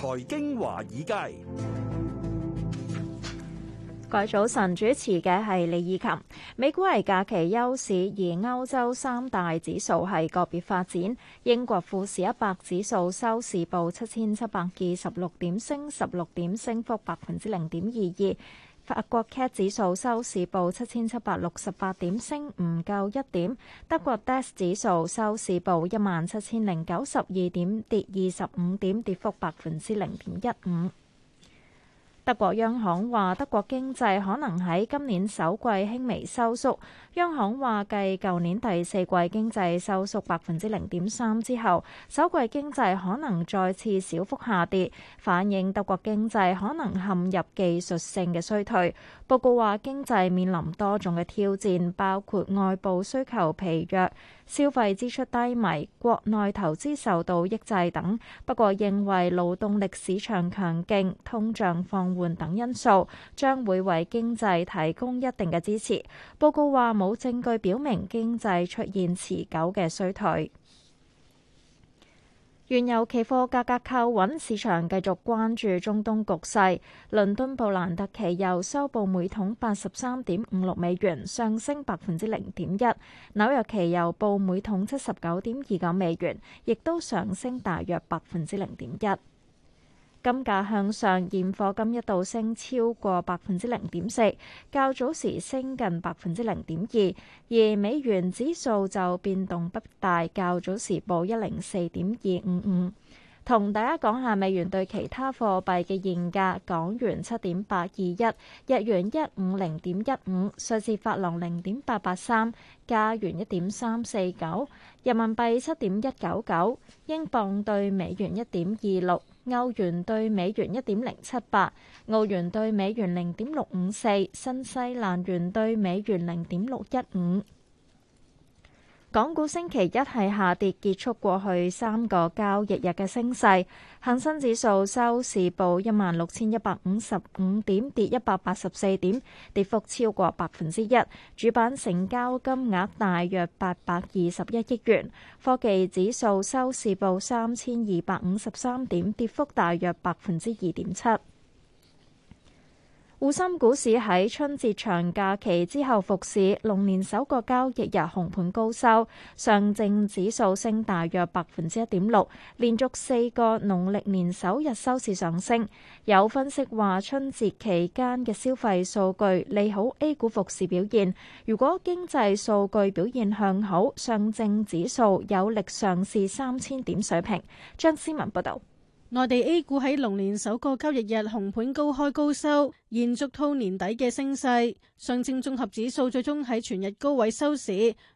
財經華爾街，各位早晨，主持嘅係李以琴。美股係假期休市，而歐洲三大指數係個別發展。英國富時一百指數收市報七千七百二十六點，升十六點，升幅百分之零點二二。法國 CAC 指數收市報七千七百六十八點，升唔夠一點。德國 DAX 指數收市報一萬七千零九十二點，跌二十五點，跌幅百分之零點一五。德國央行話，德國經濟可能喺今年首季輕微收縮。央行話，繼舊年第四季經濟收縮百分之零點三之後，首季經濟可能再次小幅下跌，反映德國經濟可能陷入技術性嘅衰退。報告話，經濟面臨多種嘅挑戰，包括外部需求疲弱、消費支出低迷、國內投資受到抑制等。不過認為勞動力市場強勁、通脹放緩、等因素將會為經濟提供一定嘅支持。報告話冇證據表明經濟出現持久嘅衰退。原油期貨價格靠穩，市場繼續關注中東局勢。倫敦布蘭特期油收報每桶八十三點五六美元，上升百分之零點一；紐約期油報每桶七十九點二九美元，亦都上升大約百分之零點一。金價向上，現貨金一度升超過百分之零點四，較早時升近百分之零點二。而美元指數就變動不大，較早時報一零四點二五五。同大家講下美元對其他貨幣嘅現價：港元七點八二一，日元一五零點一五，瑞士法郎零點八八三，加元一點三四九，人民幣七點一九九，英鎊兌美元一點二六。歐元兌美元一點零七八，澳元兌美元零點六五四，新西蘭元兌美元零點六一五。港股星期一係下跌，結束過去三個交易日嘅升勢，恒生指數收市報一萬六千一百五十五點，跌一百八十四點，跌幅超過百分之一。主板成交金額大約八百二十一億元。科技指數收市報三千二百五十三點，跌幅大約百分之二點七。滬深股市喺春節長假期之後復市，龍年首個交易日紅盤高收，上證指數升大約百分之一點六，連續四個農曆年首日收市上升。有分析話，春節期間嘅消費數據利好 A 股復市表現。如果經濟數據表現向好，上證指數有力上試三千點水平。張思文報道，內地 A 股喺龍年首個交易日紅盤高開高收。延續到年底嘅升勢，上證綜合指數最終喺全日高位收市，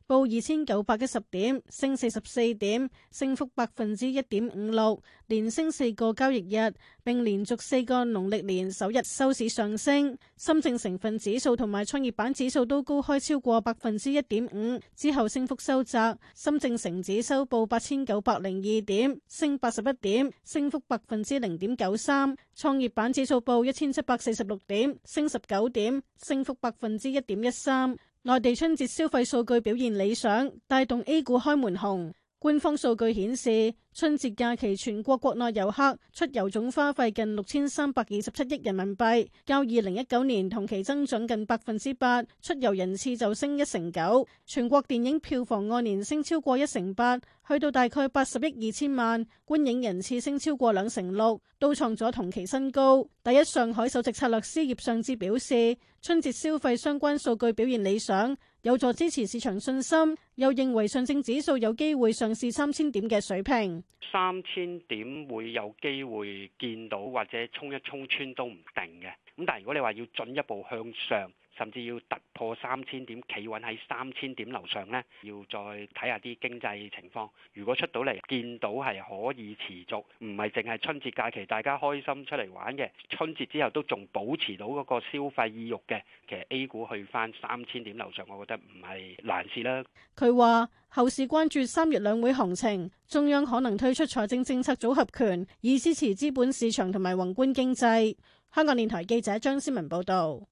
報二千九百一十點，升四十四點，升幅百分之一點五六，連升四個交易日，並連續四個農曆年首日收市上升。深證成分指數同埋創業板指數都高開超過百分之一點五，之後升幅收窄。深證成指收報八千九百零二點，升八十一點，升幅百分之零點九三。創業板指數報一千七百四十六點，升十九點，升幅百分之一點一三。內地春節消費數據表現理想，帶動 A 股開門紅。官方數據顯示，春節假期全國國內遊客出遊總花費近六千三百二十七億人民幣，較二零一九年同期增長近百分之八，出遊人次就升一成九。全國電影票房按年升超過一成八，去到大概八十億二千萬，觀影人次升超過兩成六，都創咗同期新高。第一上海首席策略師葉尚志表示，春節消費相關數據表現理想，有助支持市場信心，又認為上證指數有機會上市三千點嘅水平。三千點會有機會見到，或者衝一衝穿都唔定嘅。咁但係，如果你話要進一步向上，甚至要突破三千點企穩，喺三千點樓上咧，要再睇下啲經濟情況，如果出到嚟，見到係可以持續，唔係淨係春節假期大家開心出嚟玩嘅，春節之後都仲保持到嗰個消費意欲嘅，其實 A 股去翻三千點樓上，我覺得唔係難事啦。佢話後市關注三月兩會行情，中央可能推出財政政策組合拳以支持資本市場同埋宏觀經濟，香港電台記者張思文報道。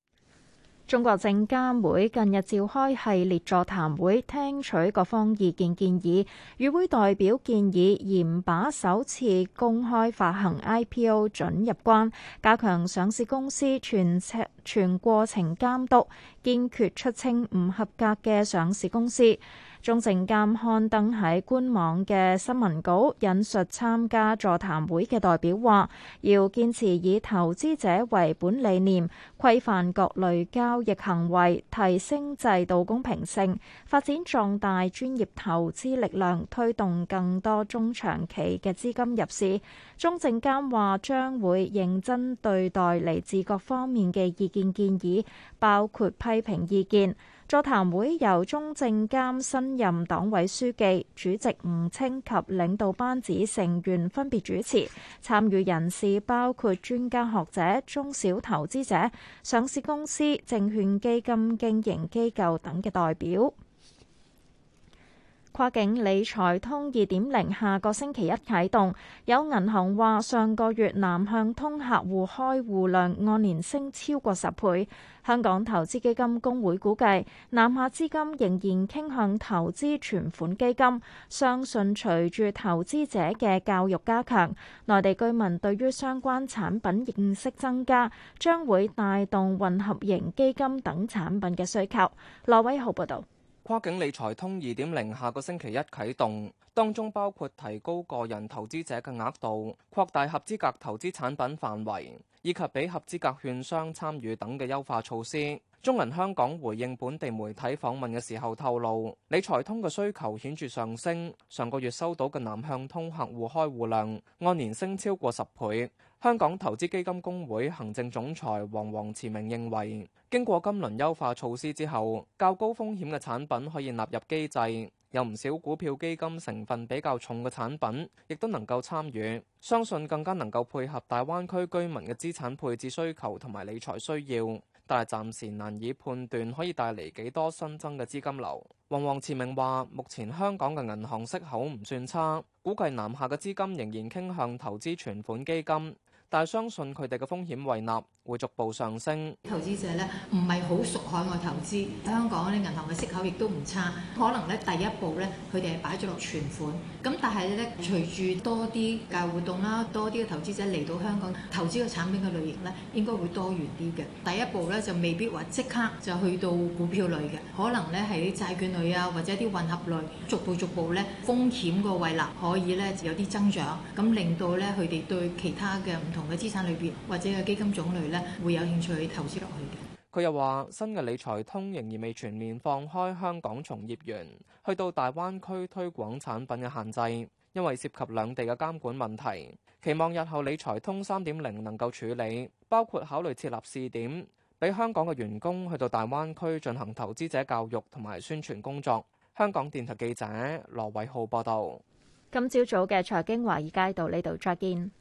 中國證監會近日召開系列座談會，聽取各方意見建議。與會代表建議嚴把首次公開發行 IPO 準入關，加強上市公司全尺全過程監督，堅決出清唔合格嘅上市公司。中證監刊登喺官網嘅新聞稿，引述參加座談會嘅代表話，要堅持以投資者為本理念，規範各類交易行為，提升制度公平性，發展壯大專業投資力量，推動更多中長期嘅資金入市。中證監話將會認真對待嚟自各方面嘅意見建議，包括批評意見。座談會由中證監新任黨委書記主席吳清及領導班子成員分別主持，參與人士包括專家學者、中小投資者、上市公司、證券基金經營機構等嘅代表。跨境理財通二點零下個星期一啟動，有銀行話上個月南向通客戶開戶量按年升超過十倍。香港投資基金公會估計南下資金仍然傾向投資存款基金，相信隨住投資者嘅教育加強，內地居民對於相關產品認識增加，將會帶動混合型基金等產品嘅需求。羅偉豪報道。跨境理財通二點零下個星期一啟動，當中包括提高個人投資者嘅額度、擴大合資格投資產品範圍，以及俾合資格券商參與等嘅優化措施。中銀香港回應本地媒體訪問嘅時候透露，理財通嘅需求顯著上升，上個月收到嘅南向通客戶開戶量按年升超過十倍。香港投資基金公會行政總裁黃黃慈明認為，經過今輪優化措施之後，較高風險嘅產品可以納入機制，有唔少股票基金成分比較重嘅產品，亦都能夠參與，相信更加能夠配合大灣區居民嘅資產配置需求同埋理財需要。但係暫時難以判斷可以帶嚟幾多新增嘅資金流。黃旺前明話：目前香港嘅銀行息口唔算差，估計南下嘅資金仍然傾向投資存款基金。但係相信佢哋嘅風險胃納會逐步上升。投資者咧唔係好熟海外投資，香港啲銀行嘅息口亦都唔差。可能咧第一步咧佢哋係擺咗落存款。咁但係咧隨住多啲嘅活動啦，多啲嘅投資者嚟到香港投資嘅產品嘅類型咧應該會多元啲嘅。第一步咧就未必話即刻就去到股票類嘅，可能咧係啲債券類啊或者啲混合類，逐步逐步咧風險個胃納可以咧有啲增長，咁令到咧佢哋對其他嘅唔同同嘅資產裏邊或者嘅基金種類咧，會有興趣去投資落去嘅。佢又話：新嘅理財通仍然未全面放開香港從業員去到大灣區推廣產品嘅限制，因為涉及兩地嘅監管問題。期望日後理財通三點零能夠處理，包括考慮設立試點，俾香港嘅員工去到大灣區進行投資者教育同埋宣傳工作。香港電台記者羅偉浩報道。今朝早嘅財經華爾街到呢度再見。